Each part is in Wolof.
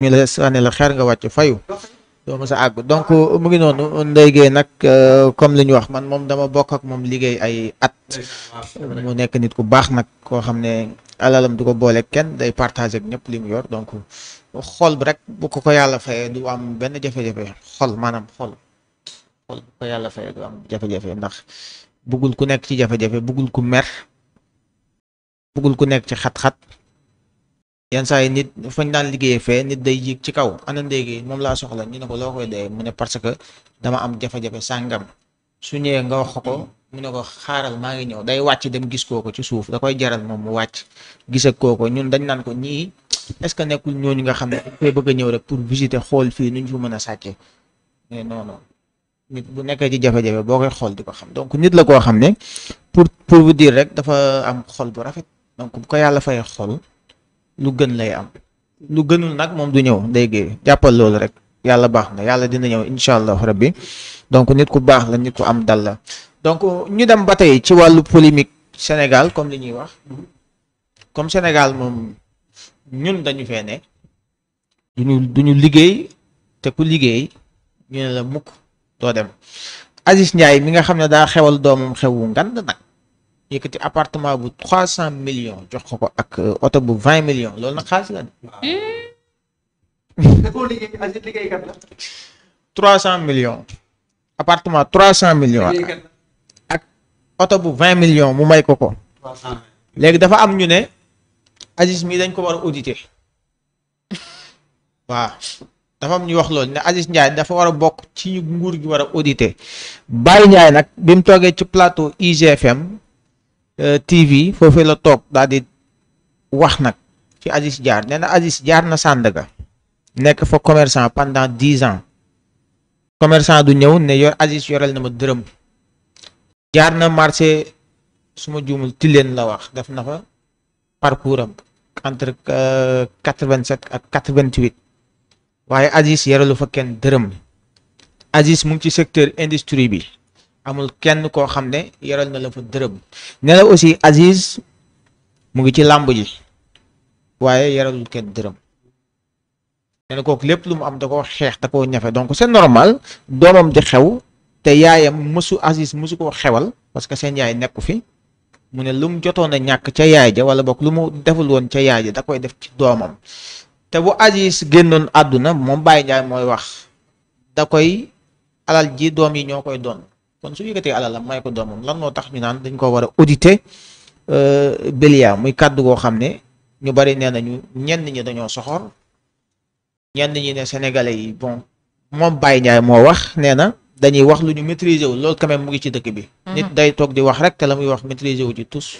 ñu la la xeer nga wàcc fayu doo ma sa àgg donc mu ngi noonu Ndeye Gueye nag euh, comme li ñu wax man moom dama bokk ak moom liggéey ay at mu nekk nit ku baax nag koo xam ne alalam du ko boole kenn day partager ak ñëpp li mu yor donc xol bi rek bu ko ko yàlla fayee du am benn jafe-jafe maanaam xol yàlla fayee du ndax bëggul ku nekk ci jafe-jafe bëggul ku mer bëggul ku nekk ci xat-xat yenn saa yi nit fañ daan liggéeyee fee nit day yéeg ci kaw ana léegi moom laa soxla ñu ne ko loo koy dee mu ne parce que dama am jafe-jafe sàngam su ñëwee nga wax ko mu ne ko xaaral maa ngi ñëw day wàcc dem gis kooko ci suuf da koy jaral moom mu wàcc gis ak kooko ñun dañ naan ko ñii est ce que nekkul ñooñu nga xam ne fee bëgg a ñëw rek pour visiter xool fii ñu fi mën a sàccee mais non nit bu nekkee ci jafe-jafe boo koy xool di ko xam donc nit la koo xam ne pour pour vous rek dafa am xol bu rafet donc bu ko yàlla fay xol. lu gën lay am lu gënul nag moom du ñëw day géey jàppal loolu rek yàlla baax na yàlla dina ñëw incha allah rabbi donc nit ku baax la nit ku am dal la donc ñu dem ba tey ci wàllu polémique Sénégal comme li ñuy wax comme Sénégal moom ñun dañu fee ne duñu duñu liggéey te ku liggéey ñu ne la mukk doo dem Aziz Ndiaye mi nga xam ne daa xewal doomam xewu ngand nag yëkkati apartement bu trois cent millions jox ko ko ak euh, oto bu vingt millions loolu nag xaalis la de. Hmm. trois cent million appartement trois cent millions ak oto bu vingt millions mu may ko ko. léegi dafa am ñu ne Aziz mii dañ ko war a auditer waaw dafa am ñu wax loolu ne Aziz Ndiaye dafa war a bokk ci nguur gi war a auditer Baye nag bi mu toogee ci plateau IGFM. Euh, TV foofee la toog daal di wax nag ci Aziz jaar nee na jaar Diar na Sandaga nekk fa commerçant pendant dix ans commerçant du ñëw ne yor Aziz na ma dërëm jaar na marché suma ma juumul Tilène la wax def na fa parcours am entre euh, quatre vingt ak quatre waaye Aziz yorelu fa kenn dërëm Aziz mu ngi ci secteur industrie bi amul kenn koo xam ne yoral na la fa dërëm ne la aussi Aziz mu ngi ci làmb ji waaye yoralul kenn dërëm ne la kooku lépp lu mu am da koo xeex da koo ñafe donc c'est normal doomam di xew te yaayam mësu Aziz mësu koo xewal parce que seen yaay nekku fi mu ne lu mu jotoon a ñàkk ca yaay ja wala bokk lu mu deful woon ca yaay ja da koy def ci doomam te bu Aziz génnoon àdduna moom Baye Ndiaye mooy wax da koy alal ji doom yi ñoo koy doon. kon su yëkkatee alalam may ko doomam lan moo tax ñu naan dañ ko war a auditer euh, Belia muy kàddu goo xam ne ñu bari nee nañu ñenn ñi dañoo soxor ñenn ñi ne sénégalais yi bon moom Baye Ndiaye moo wax nee na dañuy wax lu ñu maîtriser wu loolu quand mu ngi ci dëkk bi. Mm-hmm. nit day toog di wax rek te la muy wax maîtriser wu ci tous.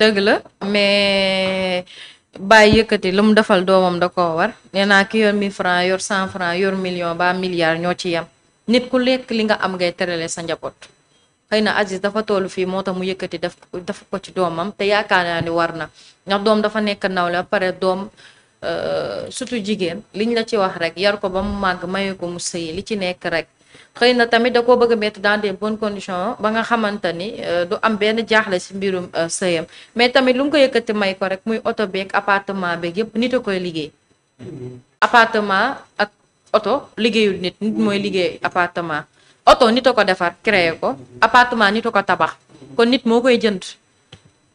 dëgg la mais Baye yëkkati lu mu defal doomam da koo war nee naa ki yor 1000 francs yor 100 francs yor million ba milliard ñoo ci yem. nit ku lekk li nga am ngay terale sa njaboot xëy na Aziz dafa tollu fii moo tax mu yëkkati daf daf ko ci doomam te yaakaar naa ni war na ndax doom dafa nekk nawle ba pare doom euh, surtout jigéen li ñu la ci wax rek yar ko ba mu màgg maye ko mu sëyi li ci nekk rek xëy na tamit da koo bëgg a mettre dans des bonnes conditions ba nga xamante ni euh, du am benn jaaxle si mbirum euh, sëyam mais tamit lu mu ko yëkkati may ko rek muy oto beeg appartement beeg yépp nit a koy liggéey mm-hmm. oto liggéeyul nit nit mooy liggéey appartement oto nit a ko defar créer ko appartement nit a ko tabax kon nit moo koy jënd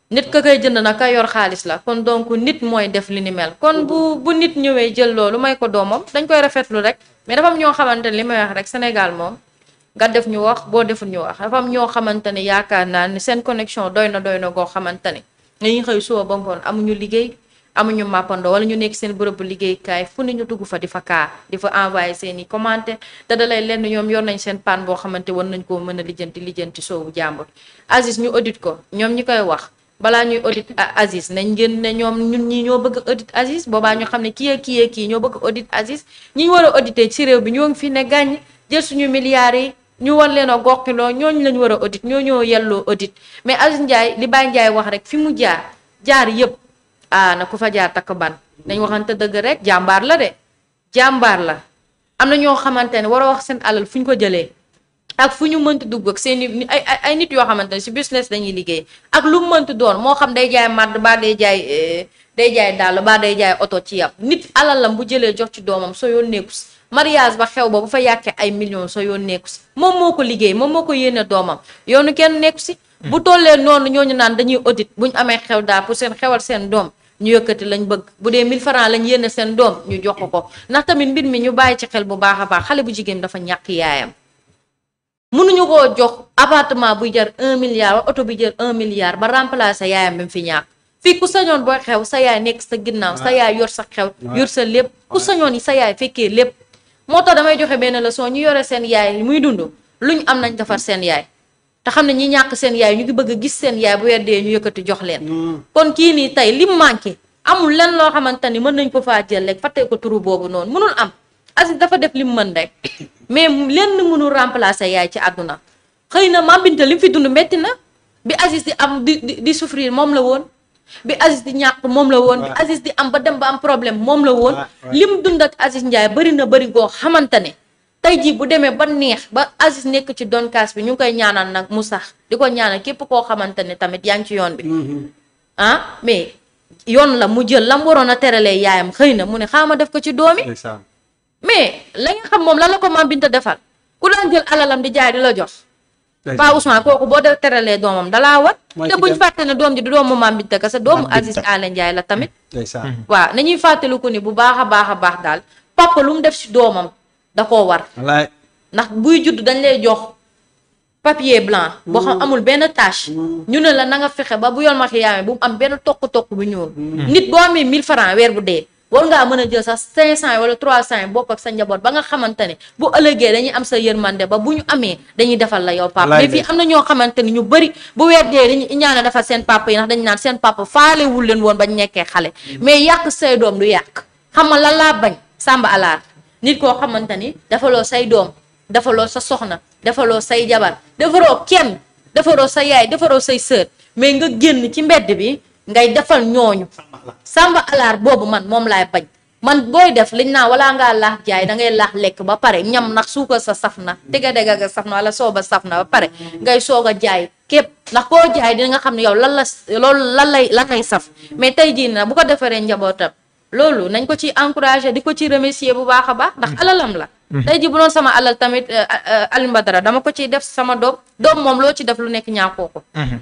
nit ka koy jënd nag ka yor xaalis la kon donc nit mooy def li ni mel kon bu bu nit ñëwee jël loolu may ko doomam dañ koy rafetlu rek mais dafa am ñoo xamante ne li may rek Sénégal moom nga def ñu wax boo deful ñu wax dafa am ñoo xamante ne yaakaar naa ne seen connection doy na doy na goo xamante ne dañuy xëy suba ba ngoon amuñu liggéey amuñu màppandoo wala ñu nekk seen bërëbu liggéeykaay fu ni ñu dugg fa di fa kaa di fa envoyé seeni i commentaire te da lay lenn ñoom yoon nañ seen paan boo xamante war nañ koo mën a lijjanti lijjanti soobu jàmbur Aziz ñu audit ko ñoom ñi koy wax balaa ñuy audite ah, Aziz nañ ngeen ne ñoom ñun ñi ñoo bëgg audit Aziz boobaa ñu xam ne kii ak kii ak kii ñoo bëgg audit Aziz ñi ñu war a audité ci réew bi ñoo ngi fi ne gàññ jël suñu milliards yi ñu war leen a goxiloo ñooñu lañ war a audit ñoo ñoo yelloo audit mais Aziz Ndiaye li Baye Ndiaye wax rek fi mu jaar jaar yëpp aana ku fa jaar takk ban dañ waxante dëgg rek jàmbaar la de jàmbaar la am na ñoo xamante ne war a wax seen alal fu ñu ko jëlee ak fu ñu mënti dugg ak seen i ay ay nit yoo xamante ne si business dañuy liggéey ak lu mënti doon moo xam day jaay màdd baa day jaay day jaay dàll baa day jaay oto ci yàpp nit alal lam mu jëlee jox ci doomam soo yoon nekku si mariage ba xew ba bu fa yàqee ay millions soo yoon nekku si moom moo ko liggéey moom moo ko yéene doomam yoonu kenn nekku si bu tollee noonu ñooñu naan dañuy audit bu amee xew daal pour seen xewal seen doom ñu yokkati lañ bëgg bu dee 1000 francs lañ yéene seen doom ñu jox ko ndax tamit mbir mi ñu bàyyi ci xel bu baax a baax xale bu jigéen dafa ñàkk yaayam mënuñu ko jox appartement buy jar un milliard wa oto bi jar 1 milliard ba remplacer yaayam bi mu fi ñàkk fii ku sañoon booy xew sa yaay nekk sa ginnaaw sa yaay yor sa xew yor sa lépp ku sañoon sa yaay fekkee lépp moo tax damay joxe benn la leçon ñu yore seen yaay muy dund luñ am nañ defar seen yaay te xam ne ñi ñàkk seen yaay ñu ngi bëgg a gis seen yaay bu weddee ñu yëkkati jox leen. Hmm. kon kii nii tey lim manqué amul lenn loo xamante ni mën nañ ko faa jël rek fàtte ko turu boobu noonu mënul am Aziz dafa def lim mën rek mais lenn mënul remplacer yaay ci àdduna xëy na Mame Binta lim fi dund métti na bi Aziz di am di di di moom la woon. bi Aziz di ñàkk moom la woon. bi di am ba dem ba am problème moom la woon. lim dund ak Aziz Ndiaye bëri na bëri goo xamante ne. tey jii bu demee ba neex ba Aziz nekk ci doon kaas bi ñu koy ñaanal nag mu sax di ko ñaanal képp koo xamante ne tamit yaa ngi ci yoon bi. Mm-hmm. ah mais yoon la mu jël la mu waroon a teralee yaayam xëy na mu ne xam ma def ko ci doomi mais la nga xam moom lan ko maam Binta defal ku daan jël alalam di jaay di la jox. Pa Ousmane kooku boo def teralee doomam dalaa war. te buñ ne doom ji du doomu maam Binta kese doomu Aziz Alé Ndiaye la tamit. waaw nañuy fàttaliku ni bu baax a baax a baax daal papa lu mu def si doomam. da koo war. ndax buy judd dañ lay jox papier blanc. boo xam mm. amul benn tâche. Mm. ñu ne la na nga fexe ba bu yor maquillage bu am benn toq tokk bu ñuul. Mm. nit boo amee mille francs weer bu dee. war ngaa mën a jël sax 500 wala 300 bopp ak sa njaboot ba nga xamante ne bu ëllëgee dañuy am sa yërmande ba bu ñu amee dañuy defal la yow. papa mais fii am na ñoo xamante ni ñu bëri bu weer dee dañuy ñaane defal seen papa yi ndax dañu naan seen papa faalewul leen woon ba ñu nekkee xale. mais yàq say doom yàq xam nga lan laa bañ sàmba alaar nit koo xamante ni defaloo say doom defaloo sa soxna defaloo say jabar defaroo kenn defaroo sa yaay defaroo say sœur mais nga génn ci mbedd bi ngay defal ñooñu samba alaar boobu man moom laay bañ man booy def liñ naa walaa ngaa laax jaay da ngay laax lekk ba pare ñam nag suukar sa saf na dega dega ga saf na wala sooba saf na ba pare ngay soog a jaay képp ndax koo jaay dina nga xam ne yow lan la loolu lan lay la ngay saf mais tey jii na bu ko defaree njabootam loolu nañ ko ci encouragé di ko ci remercier bu baax a baax ndax alalam la mhm. tey ji bu doon sama alal tamit euh, euh, Alioune Badara dama ko ciy def sama doom doom moom loo ci def lu nekk ñaakoo ko mhm.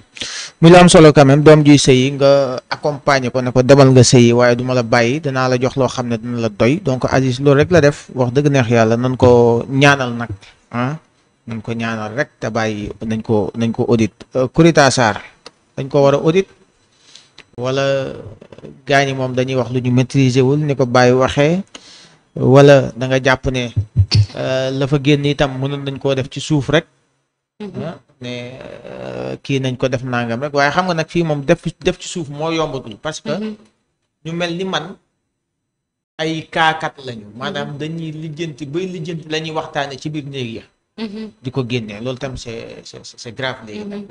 muy la am solo quand même doom ji sëyi nga accompagner ko ne ko demal nga sëyi waaye du ma la bàyyi danaa la jox loo xam ne dina la doy donc Aziz loolu rek la def wax dëgg neex yàlla nan ko ñaanal nag ah nan ko ñaanal rek te bàyyi nañ ko nañ ko audit euh, Kurita Sarr dañ ko war wala gaa ñi moom dañuy wax lu ñu maîtriser wul ni ko bàyyi waxee wala da jàpp ne euh, la fa génn itam mënoon nañ koo def ci suuf rek. Mm-hmm. Ah, ne euh, kii nañ ko def nangam rek waaye xam nga nag fii moom def def ci suuf moo yombatul parce que mm-hmm. ñu mel ni man ay kaakat lañu maanaam mm-hmm. dañuy lijjanti bay lijjanti la ñuy waxtaane ci biir néeg ya di ko génnee loolu tam c'est c'est grave léegi nag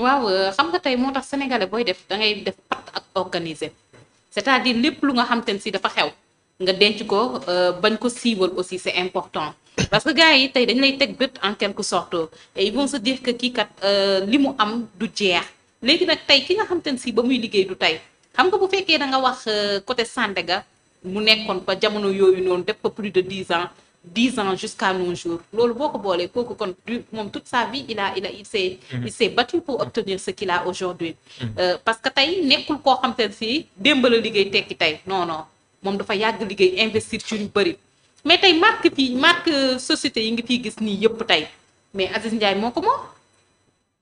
waaw xam nga tey moo tax sénégalais booy def da ngay def part ak organiser c'est-à-dire lépp lu nga xam te ne si dafa xew nga denc ko euh, bañ ko siiwal aussi c'est important parce que gars yi tey dañ lay teg bët en quelque sorto et ils vont se dire que kii kat euh, li mu am du jeex léegi nag tey ki nga xam te ne si ba muy liggéey du tey xam nga bu fekkee da nga wax euh, côté Sandaga mu nekkoon fa jamono yooyu noonu def fa plus de dix ans dix ans jusqu'à nos jours loolu boo ko boolee kooku kon du moom toute sa vie il a il a il s'est mhm. il s'est battu pour obtenir ce qu'il a aujourd'hui mhm. euh, parce que tey nekkul koo xam te si démb liggéey tekki tey non moom dafa yàgg liggéey investir ci yu bëri mais tey marque fii marque société yi nga fiy gis nii yëpp tey mais Aziz Ndiaye moo ko moom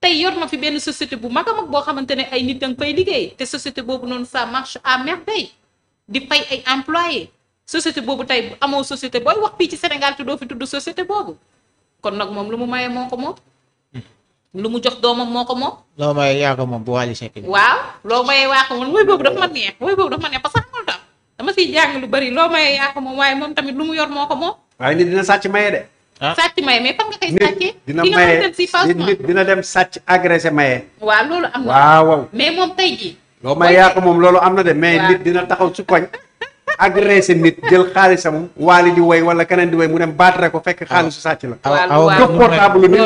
tey yor na fi benn société bu mag a mag boo xamante ne ay nit da nga fay liggéey te société boobu noonu ça marche à merveille di fay ay employés société boobu tey amoo société booy wax fii ci Sénégal te doo fi tudd société boobu kon nag moom lu mu maye moom ko moom. Hmm. lu mu jox doomam moo ko moom. loo maye yaa moom bu Wally Seck. waaw waa ko moom mooy boobu dafa ma neex mooy boobu dafa ma parce que xam nga dama siy jàng lu bari loo maye yaa ko waaye moom tamit lu mu yor moo ko moom. waaye nit dina sàcc maye de. ah sàcc maye mais fan nga dina dem sàcc agressé maye. waaw loolu am na. waaw mais moom tey jii. loo maye moom loolu am na de. mais nit dina taxaw ci koñ. agressé nit jël xaalisam waali di woy wala keneen di woy mu dem baatare ko fekk ah. xaalisu sàcc la jox ah, ah, portable bi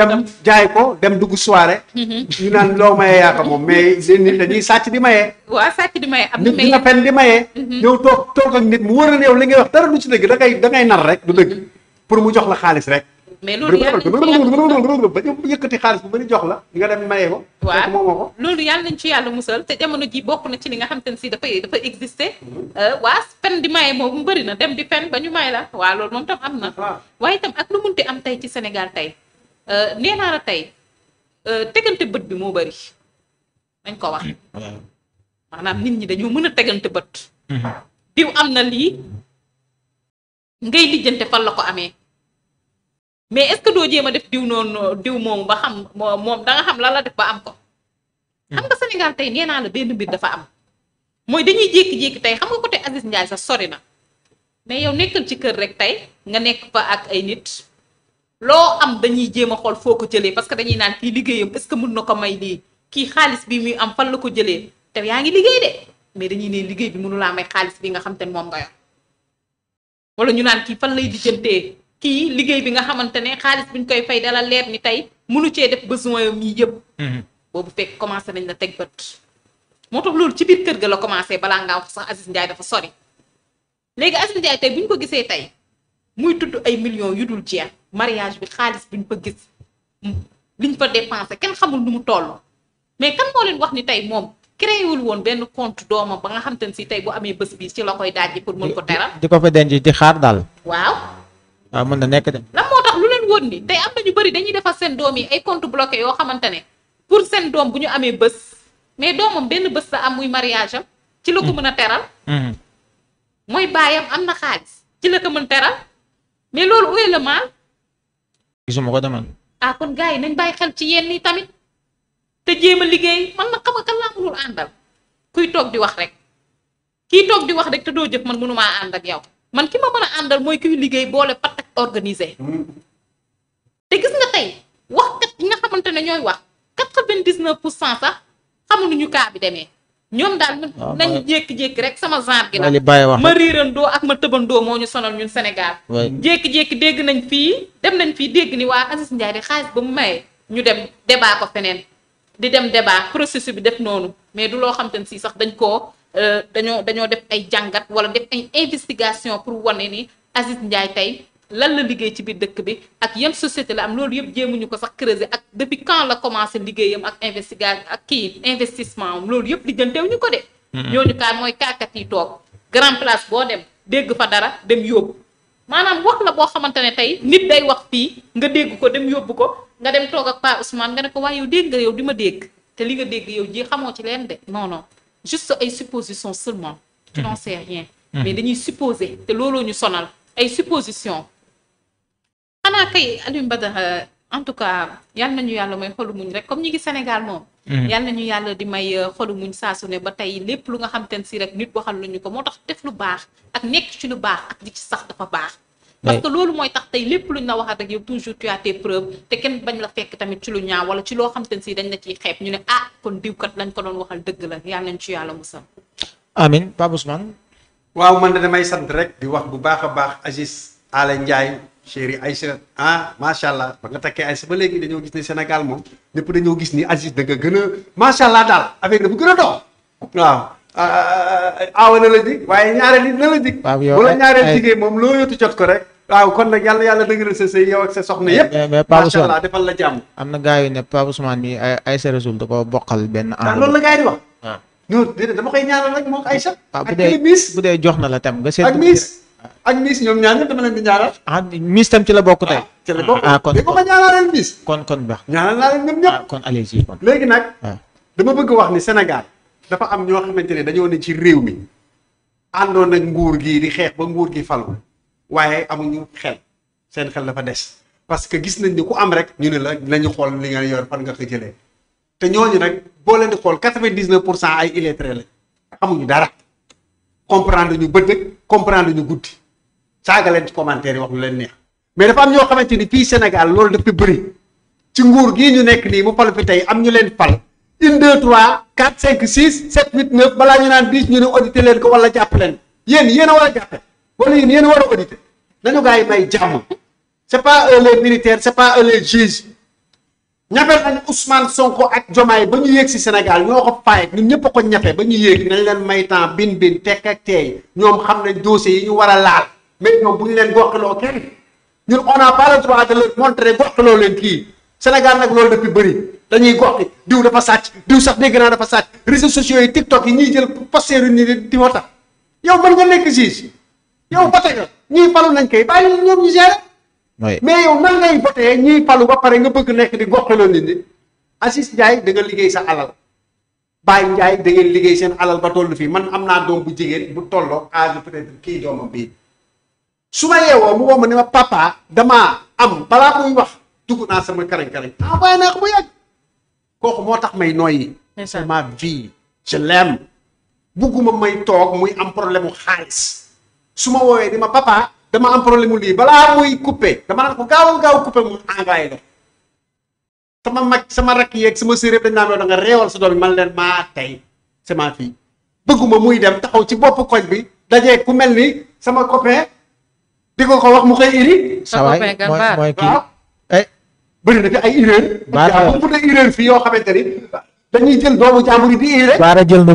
dem jaay ko dem dugg soirée mhm. ñu naan loo mayee moom mais nit dañuy sàcc di sàcc di mayee nit dina fen di mayee mhm. yow toog toog ak nit mu wër yow li nga wax dara lu ci dëgg da ngay da ngay nar rek du dëgg mhm. pour mu jox la xaalis rek mais loolu yàlla ba ñu yëkkati xaalis bu bëri jox la nga dem maye ko waaw moomoo ko loolu yàlla nañ ci yàlla musal te jamono ji bokk na ci li nga xam te ne si dafay dafa exister mm-hmm. euh, waa pen di maye moom bëri na dem di pen ba ñu may la waa loolu moom tam am na ah. waaye itam ak lu munti am tey ci senegal tey euh, nee naa la tey euh, tegante bët bi moo bëri dañ ko wax maanaam nit ñi dañoo mën a tegante bët mm-hmm. diw am na lii ngay lijjante fan la ko amee mais est-ce doo jéem a def diw noonu diw moomu ba xam moom da nga xam lan la def ba am ko. xam nga Sénégal tey nee la benn mbir dafa am mooy dañuy jékki-jékki tey xam nga côté Aziz Ndiaye sax sori na mais yow nekkal ci kër rek tey nga nekk fa ak ay nit loo am dañuy jéem a xool foo ko jëlee parce que dañuy naan kii liggéeyam est que mun na ko may lii kii xaalis bi muy am fan la ko jëlee te yaa ngi liggéey de mais dañuy ne liggéey bi mënu laa may xaalis bi nga xam te moom nga ñu naan kii fan lay lijjantee kii liggéey bi nga xamante ne xaalis bi ñu koy fay dala leer ni tey mënu cee def besoin yam yi yëpp mhm. boobu fekk commencé nañ la teg bët moo tax loolu ci biir kër gi la commencé balaa ngaa wax sax Aziz Ndiaye dafa sori léegi Aziz Ndiaye tey bu ñu ko gisee tey muy tudd ay millions yu dul jeex mariage bi xaalis bi ñu fa gis liñ fa dépensé kenn xamul nu mu toll mais kan moo leen wax ni tey moom créé wul woon benn compte doomam ba nga xam te si tey bu amee bés ci la koy daaj pour mën ko teral di ko fa di xaar daal waaw ah, mën na nekk de. lan moo tax lu leen woon ni tey am na ñu bëri dañuy defar seen doom yi ay compte bloqué yoo xamante ne pour seen doom bu ñu amee bés mais doomam benn bés la am muy mariage am. ci la ko mën a teral. Mm-hmm. mooy baayam am na xaalis ci la ko mën mais loolu où est le mal. gisuma ko demal. Ah, kon gars yi nañ bàyyi xel ci yenn yi tamit te jéem a liggéey man na xam nga kan àndal kuy toog di wax rek kii toog di wax rek te doo jëf man mënumaa ànd ak yow man ki ma mën a àndal mooy kuy liggéey boole pat organisé. te gis nga tey waxkat yi nga xamante ne ñooy wax quatre-vingt-dix-neuf pour cent sax xamuñu ñu kaa bi demee. ñoom daal ah, nañu jékki-jékki rek sama genre gi nag ma riirandoo ak ma tëbandoo moo ñu sonal ñun Sénégal jékki-jékki dégg nañ fii dem nañ fii dégg ni waa Aziz Ndiaye di xaalis ba mu mayee ñu dem débat ko feneen di dem débat processus bi def noonu mais du loo xam te ne si sax dañ koo euh, dañoo dañoo def ay jàngat wala def ay investigation pour wone ni Aziz Ndiaye tey lan la liggéey ci biir dëkk bi ak yan société la am loolu yëpp jéemuñu ko sax creuser ak depuis quand la commencé liggéeyam ak investigation ak kii investissement am loolu yëpp ñu ko de. ñooñu kaay mooy kaakat yi toog grand place boo dem dégg fa dara dem yóbbu maanaam wax la boo xamante ne tey nit day wax fii nga dégg ko dem yóbbu ko nga dem toog ak Pa Ousmane nga ne ko waaye yow dégg nga yow di ma dégg te li nga dégg yow ji xamoo ci leen de non non juste ay supposition seulement. tu n'en sais rien. dañuy supposer te looloo ñu sonal ay supposition xanaa kay Alioune Badara en tout cas yal nañu yàlla may xolu muñ rek comme ñi ngi Sénégal moom. Mm-hmm. yal nañu yàlla di may euh, xolu muñ saa su ne ba tey lépp lu nga xam te ne si rek nit waxal nañu ko moo tax def lu baax ak nekk ci lu baax ak di ci sax dafa baax. parce que loolu mooy tax tey lépp luñ la waxaat rek yow toujours tu as tes preuves te kenn bañ la fekk tamit ci lu ñaaw wala ci loo xam te ne si dañ la ciy xeeb ñu ne ah kon diwkat lañ ko doon waxal dëgg la yal nañ ci yàlla musal. amiin Pape Ousmane. waaw man de damay sant rek di wax bu baax a baax Aziz Alain Ndiaye chéri Aïcha ah macha allah ba nga takkee Aïcha ba léegi dañoo gis ne Sénégal moom ñëpp dañoo gis ni Aziz da nga gën a macha allah daal affaire dafa gën a dox waaw. aawa ah, ah, ah, na la dig waaye ñaareel it na la dig. waaw yow eh, eh. jigéen moom loo yóotu jot ko rek. waaw kon nag yàlla yàlla dëgëral sa sëy yow ak sa soxna yëpp. macha allah defal la jàmm. am na gars yu ne Pape Ousmane mi ay Aïcha Rasoul ko bokkal benn. en loolu la gars yi di wax. waaw ñooñu déedéet dama koy dee jox na la tam nga ak Miss ñoom ñaar ñëpp dama leen di ñaanal. ah Miss tam ci la bokk tey. Ah, ci la bokk ah kon di ko ma ñaanal kon kon baax ñaanal naa leen ñoom ñëpp. Ah, kon allez y kon. léegi nag. Ah. dama bëgg wax ni Sénégal dafa am ñoo xamante ne dañoo ne ci réew mi àndoon ak nguur gi di xeex ba nguur gi falu waaye amuñu xel seen xel dafa des. parce que gis nañ ni ku am rek ñu ne la nañu xool li nga yor fan nga ko jëlee te ñooñu nag boo leen di xool quatre vingt dix pour cent ay illettrés la amuñu dara. comprendre ñu bëccëg comprendre ñu guddi saaga leen ci commentaire yi wax lu leen neex mais dafa am ñoo xamante ni fii Sénégal loolu dafa bëri ci nguur gii ñu nekk nii mu fal fi tey am ñu leen fal une deux trois quatre cinq six sept huit neuf balaa ñu naan dix ñu ne audité leen ko wala jàpp leen yéen yéen a war a jàppe wala war a audité nañu gars yi may jàmm c'est pas eux les militaires c'est pas eux les juges ñafe nañ Ousmane Sonko ak Jomaay ba ñu yéeg si Sénégal ñoo ko faay ñun ñëpp a ko ñafe ba ñu yéeg nañ leen may temps bin bin tekk ak teey ñoom xam nañ dossiers yi ñu war a laal mais ñoom bu ñu leen goxiloo kenn ñun on a pas le droit de leur montrer goxiloo leen kii Sénégal nag loolu depuis bëri dañuy goxi diw dafa sàcc diw sax dégg naa dafa sàcc réseaux sociaux yi TikTok yi ñuy jël poster yu nii di wota yow mën nga nekk juge yow ba tey ñuy falu nañ koy bàyyi mais yow nan ngay voté ñiy palu ba pare nga bëgg nekk di goxaloo nit ñi Aziz Ndiaye da nga liggéey sa alal Baye Ndiaye da ngeen liggéey seen alal ba toll fii man am naa doom bu jigéen bu tolloo âge peut-être kii doomam bii su ma yeewoo mu woo ma ne ma papaa damaa am balaa muy wax dugg naa sama karañ-karañ ah waaye nag bu yàgg kooku moo tax may noyyi. c'est ma vie je l'aime bugguma may toog muy am problème mu xaalis su ma woowee di ma papa dama am problème mu lii balaa muy coupé dama naan ko gaaw gaaw coupé mu envoyé la sama mag sama rakk yeeg sama séeréer dañ naan da nga réewal sa doom bi man leen maa tey sama fii bëgguma muy dem taxaw ci bopp koñ bi dajee ku mel ni sama copain di ko ko wax mu koy iri. sa copain gàmbaar mooy kii eh. na ay erreur. baara bu fii yoo xamante ni dañuy jël doomu jàmbur yi di erreur. baara jël na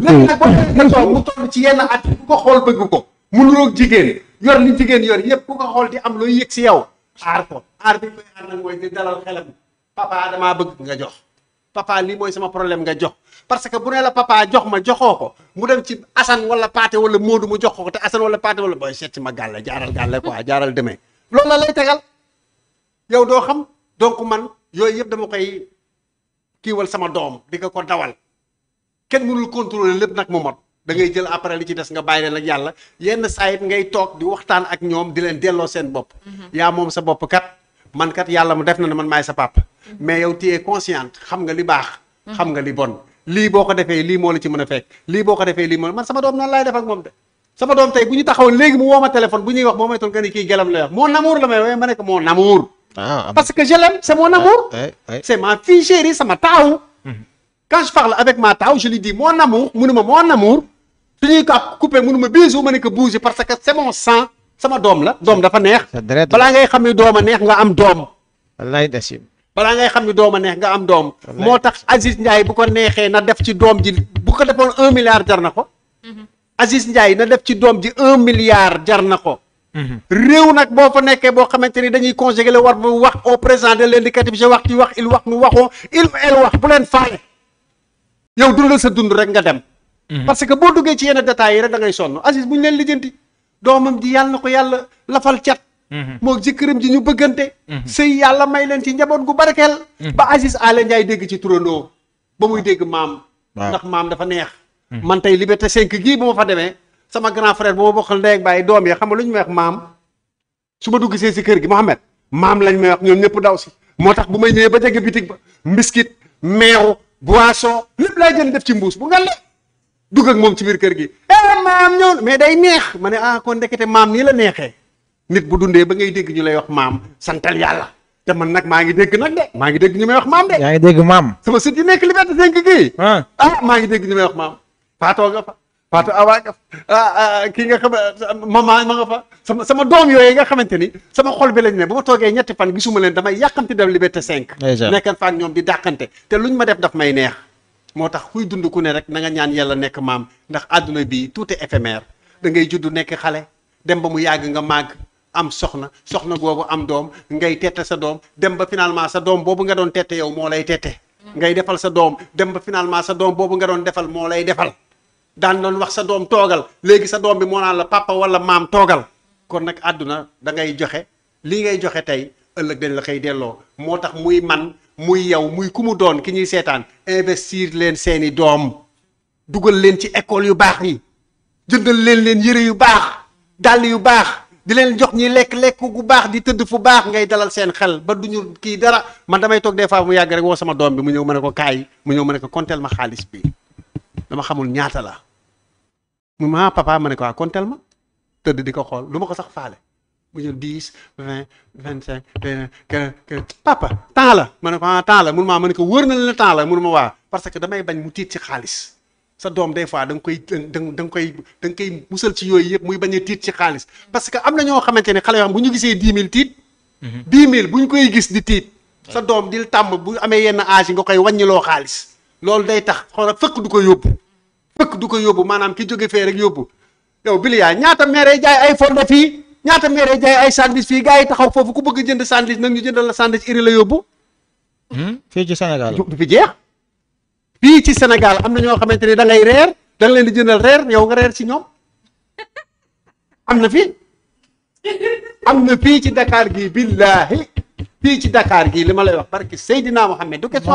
ko mu toll ci yenn at bu ko xool bëgg ko mu nuroog jigéen. yor li jigéen yor yëpp ku ko xool di am looy yëg si yow aar ko aar bi koy aar nag mooy di dalal xelam papa damaa bëgg nga jox papa lii mooy sama problème nga jox parce que bu ne la papa jox ma joxoo ko mu dem ci Assane wala Paate wala Moodu mu jox ko te Assane wala Paate wala booy seet si ma gàlle jaaral gàlle quoi jaaral demee loolu la lay tegal yow doo xam donc man yooyu yëpp dama koy kiiwal sama doom di ko ko dawal kenn mënul contrôler lépp nag mu mot da ngay jël après li ci des nga bàyyi leen ak yàlla yenn saa it ngay toog di waxtaan ak ñoom di leen delloo seen bopp. Mhm. yaa moom sa bopp kat man yàlla mu def na ne man maay sa papa. Mhm. mais yow tu consciente xam nga li baax. Mhm. xam nga li bon lii boo ko defee lii moo la ci mën a fekk lii boo ko defee lii moo man sama doom noonu laay def ak moom de. sama doom tey bu ñu taxawoon léegi mu woo ma téléphone bu ñuy wax boo may toll que ni kii gelam wax mon amour la may woowee ma ah, que je l'aime c'est mon eh, amour. Eh, eh. c'est ma sama taaw. quand je parle avec taaw je lui dis mon amour mu ne ma mon amour. su ñuy ka coupé mënu ma bisu ma ne ko bouger parce que c'est mon sang sama doom la doom dafa neex. balaa ngay xam ne doom a neex nga am doom. wallaay dasim. balaa ngay xam ne doom a neex nga am doom. moo tax Aziz Ndiaye bu ko neexee na def ci doom ji bu ko defoon un milliard jar na ko. Mhm. Aziz Ndiaye na def ci doom ji un milliard jar na ko. Mhm. réew nag boo fa nekkee boo xamante ni dañuy conjugué war bu wax au présent de l'indicatif je wax ci wax il wax mu waxoo il elle wax bu leen faale. yow dundal sa dund rek nga dem. Mhm. parce que boo duggee ci yenn détails yi rek da ngay sonn Aziz bu ñu leen lijjanti doomam ji yàlla na ko yàlla lafal cat. Mhm. moo jëkkëram ji ñu bëggante. Mhm. sëy yàlla may leen ci njaboot gu barkeel. ba Aziz Aly Ndiaye dégg ci turandoo ba muy dégg maam. ndax maam dafa neex. man tey Liberté 5 gii bu ma fa demee sama grand frère bu ma bokkal ndey ak bàyyi doom yi xam nga lu ñu may maam su ma dugg see si kër gi Mouhamed maam lañ may ñoom ñëpp daw si. moo tax bu may ñëwee ba jege bitig ba mbiskit meew boisson lépp lay jël def ci mbuus bu ngale. dugg ak moom ci biir kër gi eh maam ñëw mais day neex ma ne ah kon ndekete maam nii la neexee nit bu dundee ba ngay dégg ñu lay wax maam santal yàlla te man nag maa ngi dégg nag de maa ngi dégg ñu may wax maam de. yaa ngi dégg maam. sama sët yi nekk Liberté 5 gii. ah maa ngi dégg ñu wax maam. Fatou nga fa Fatou Awa nga fa ah, ah kii nga xam maman ma nga fa sama sama doom yooyu nga xamante ni sama xol bi lañ ne bu ma toogee ñetti fan gisuma leen damay yàqante dem Liberté 5. nekkal fa ñoom di dàqante te lu luñ ma def daf may neex. moo tax kuy dund ku ne rek na nga ñaan yàlla nekk maam ndax àdduna bi tout est éphémère da ngay judd nekk xale dem ba mu yàgg nga màgg am soxna soxna googu am doom ngay tette sa doom dem ba finalement sa doom boobu nga doon tette yow moo lay tette. ngay defal sa doom dem ba finalement sa doom boobu nga doon defal moo lay defal daan doon wax sa doom toogal léegi sa doom bi moo naan la papa wala maam toogal kon nag àdduna dangay joxe lii ngay joxe tey ëllëg dañ la koy delloo moo tax muy man muy yow muy ku mu doon ki ñuy seetaan investir leen seeni doom dugal leen ci école yu baax yi jëndal leen leen yëre yu baax dàll yu baax di leen jox ñi lekk lekk gu baax di tëdd fu baax ngay dalal seen xel ba du ñu kii dara man damay toog des fois mu yàgg rek woo sama doom bi mu ñëw ma ne ko kaay mu ñëw ma ne ko kontel ma xaalis bi dama xamul ñaata la mu ma ah, papa ma ne ko ah kontel ma tëdd di ko xool du ma ko sax faale mu jël dix papa temps la ma ne ko ah, la mun maa ma ne ko wër na la temps la mun ma waa parce que damay bañ mu tiit ci xaalis sa doom des fois da nga koy da koy da nga koy musal ci yooyu yëpp muy bañ a tiit ci xaalis parce que am na ñoo xamante ne xale yoo xam bu ñu gisee dix mille tiit mhm. dix mille bu ñu koy gis di tiit sa doom di dil tàmm bu amee yenn âge nga koy wàññiloo xaalis loolu day tax xoolal fëkk du ko yóbbu fëkk du ko yóbbu maanaam ki jóge fee rek yóbbu yow biliyaa ñaata meeree jaay ay fonde ñaata meeree jaay ay sandwich fii gars yi taxaw foofu ku bëgg a jënd sandwich nag ñu jëndal la sandwich iri la yóbbu. Hmm? fii ci Sénégal fi jeex. fii ci Sénégal am na ñoo xamante ne da ngay reer da leen di jëndal reer yow nga reer si ñoom am na fi am na fii ci Dakar gii billaahi fii ci Dakar gii li ma lay wax barki Seydina Mohamed. du question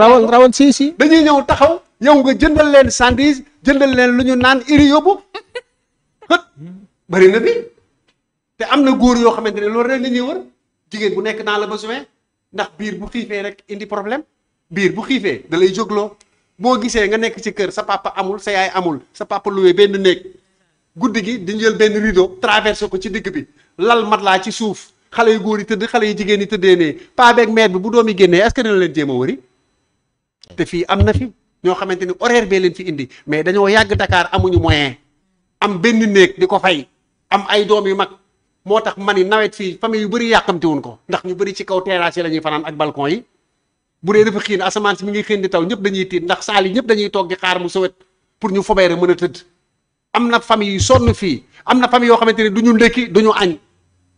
rawan rawan si si. dañuy ñëw taxaw yow nga jëndal leen sandwich jëndal leen lu ñu naan iri yóbbu xët bëri na te am na góor yoo xamante ne loolu rek la ñuy wër jigéen bu nekk dans le besoin ndax biir bu xiifee rek indi problème biir bu xiifee da lay jógloo boo gisee nga nekk ci kër sa papa amul sa yaay amul sa papa luwee benn néeg guddi gi di jël benn rideau traversé ko ci digg bi lal mat laa ci suuf xale yu góor yi tëdd xale yu jigéen yi tëddee nee paa beeg bi bu doom yi génnee est-ce que dina leen jéem wëri te fii am na fi ñoo xamante ni horaire bee leen fi indi mais dañoo yàgg Dakar amuñu moyen am benn néeg di ko fay am ay doom yu mag moo tax man yi nawet fii famille yu bëri yàqamti wuñ ko ndax ñu bëri ci kaw terrasse yi la ñuy fanaan ak balcon yi bu dee dafa xiin asamaan si mi ngi xiin di taw ñëpp dañuy tiit ndax saali yi ñëpp dañuy toog di xaar mu sowet pour ñu fobeere mën a tëdd am na famille yu sonn fii am na famille yoo xamante ni du ñu ndékki añ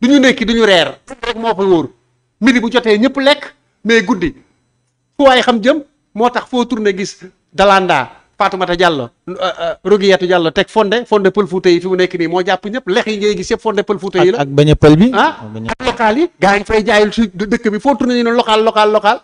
du ñu ndékki du reer rek moo fa wóor midi bu jotee ñëpp lekk mais guddi fu waay xam jëm moo tax foo tourné gis dalandaa Fatoumata Diallo euh, euh, Roguyetou Diallo teg fonde fonde pël Fuuta yi fi mu nekk nii moo jàpp ñëpp lex yi ngay gis fonde pël Fuuta yi la ak bañ a pël bi ah ak local yi gaa ngi fay jaayul si dëkk bi foo tourné ñu ne local local local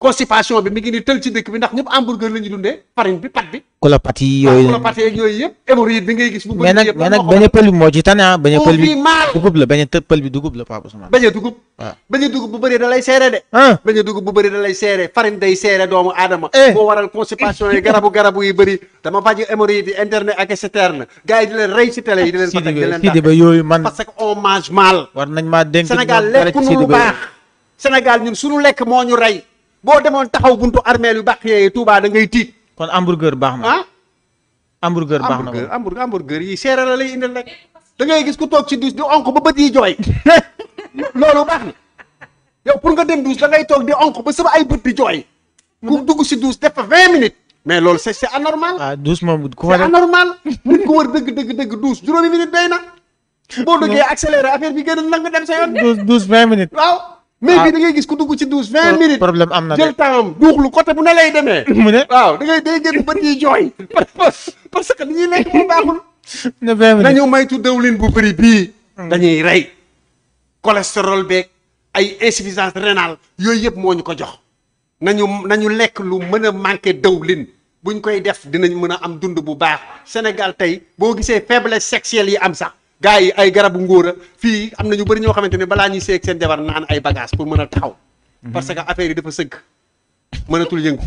constipation bi mi ngi ni tël ci dëkk bi ndax ñëpp hamburger la dundee farine bi pat bi. colopathie yi yooyu colopathie yeeg yooyu yëpp hémorroïde bi ngay gis. bu bëri yëpp mais nag mais nag bañ a pël bi moo ci tane ah. bañ a pël bi a pël bi dugub la Pape a dugub a dugub bu bëree da seere de. Ah. bañ dugub bu bëri da seere farine day seere doomu aadama. boo eh. waral constipation yi garabu garabu yi bëri dama faj hémorroïde yi interne ak externe gars di leen rey ci télé yi di leen. Sidi Ba Ba yooyu man parce que on mange mal. war nañ moo ñu rey boo demoon taxaw buntu armeel yu bàq yee Touba da ngay tiit. kon hamburger baax na ah. hamburger baax na hamburger hamburger yi seere la lay indil rek da ngay gis ku toog ci duus di onk ba bët yi jooy loolu baax na yow pour nga dem duus da ngay toog di onk ba sama ay bët di dugg si douze def fa vingt minutes. mais loolu c'est c'est anormal. ah moom ku war dëgg dëgg dëgg douze juróomi minutes doy na. boo duggee accéléré affaire bi gën a nga dem sa yoon. douze douze vingt minutes mais fii ah. da ngay gis ku dugg ci douze vingt euh, minutes problème am na jël temps duuxlu côté bu ne lay demee. mu ne waaw da ngay day gën ba di jooy. parce que li ñuy lekk mu baaxul. ne vingt minutes nañu maytu dawlin bu bëri bii. Hmm. dañuy rey. cholestérol beeg ay insuffisance rénale yooyu yëpp moo ñu ko jox. nañu nañu lekk lu mën a manqué dawlin buñ koy def dinañ mën a am dund bu baax Sénégal tey boo gisee faiblesse sexuelle yi am sax. gars yi ay garabu ngóor fii am na ñu bëri ñoo xamante ne balaa ñuy seeg seen jabar naan ay bagage pour mën a taxaw mhm. parce que affaire yi dafa sëgg mënatul yëngu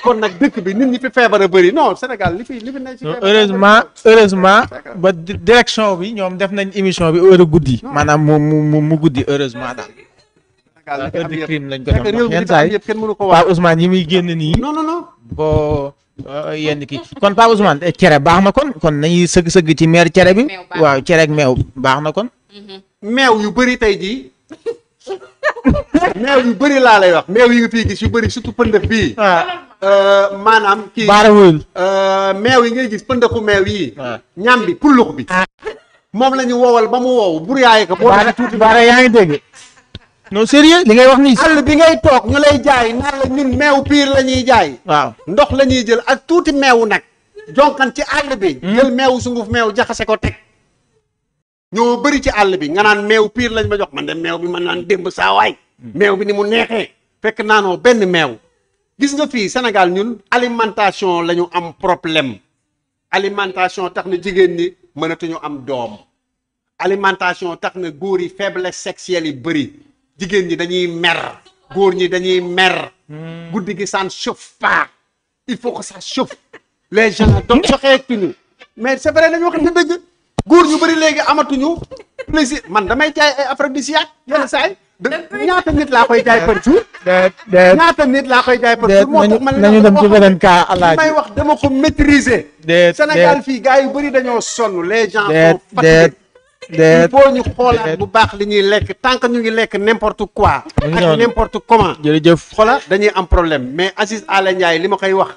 kon nag dëkk bi nit ñi fi feebar a bëri non Sénégal li fi li fi nekk ci heureusement heureusement ba direction bi ñoom def nañ émission bi heure guddi maanaam mu mu mu guddi heureusement daal heure du crime lañ ko def yenn saa yi waaw Ousmane yi muy génn nii non non Euh, yenn ki kon Pape Ousmane eh, cere baax na kon kon nañuy sëgg sëgg ci meer cere bi. waaw cereek ak meew baax na kon. Mhm. meew yu bari tey jii meew yu bëri laa lay wax meew yi yu bëri surtout pëndëf bii. Ah. Euh, maanaam. kii baarawul euh, yi ngay gis pëndëfu meew yi. Ah. ñam bi pullux bi. Ah. moom la ñu wowal ba mu wow. bur yaay ko boo tuuti baara yaa ngi dégg. non sérieux li ngay wax nii. àll bi ngay toog ñu lay jaay naan la ñun meew piir la ñuy jaay. waaw ndox la ñuy jël ak tuuti meewu nag. jonkan ci àll bi. Hmm? jël meewu sunguf meew jaxase ko teg. ñoo bëri ci àll bi nga naan meew piir lañ ma jox man de meew bi man naan démb saawaay. Hmm. meew bi ni mu neexee. fekk naanoo benn meew. gis nga fii senegal ñun alimentation lañu am problème. alimentation tax na jigéen ñi mënatuñu am doom. alimentation tax na góor yi faiblesse sexuelle yi bëri. jigéen ñi dañuy mer góor ñi dañuy mer. Hmm. guddi gi ça ne chauffe il faut que ça chauffe les gens doon soxeetuñu mais c'est vrai dañoo xam ne dëgg góor ñu bëri léegi amatuñu plaisir man damay jaay ay aphrodisiaque yenn saa yi ñaata nit laa koy jaay par jour. ñaata nit laa koy jaay par man nañu dem ci beneen cas alaaji may wax dama ko maîtriser. Sénégal fii gars yu bëri dañoo sonn les gens. sont il faut ñu xoolaat bu baax li ñuy lekk tant que ñu ngi lekk n'importe quoi. ak n'importe comment. jërëjëf xoola dañuy am problème mais Aziz Alain Ndiaye li ma koy wax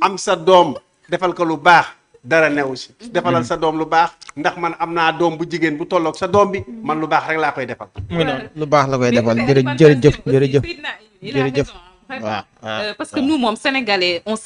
am sa doom defal ko lu baax. dara newu si defalal sa doom lu baax ndax man am naa doom bu jigéen bu tollook sa doom bi man lu baax rek laa koy defal. lu baax la koy defal jërëjëf jërëjëf jërëjëf waaw parce que nous moom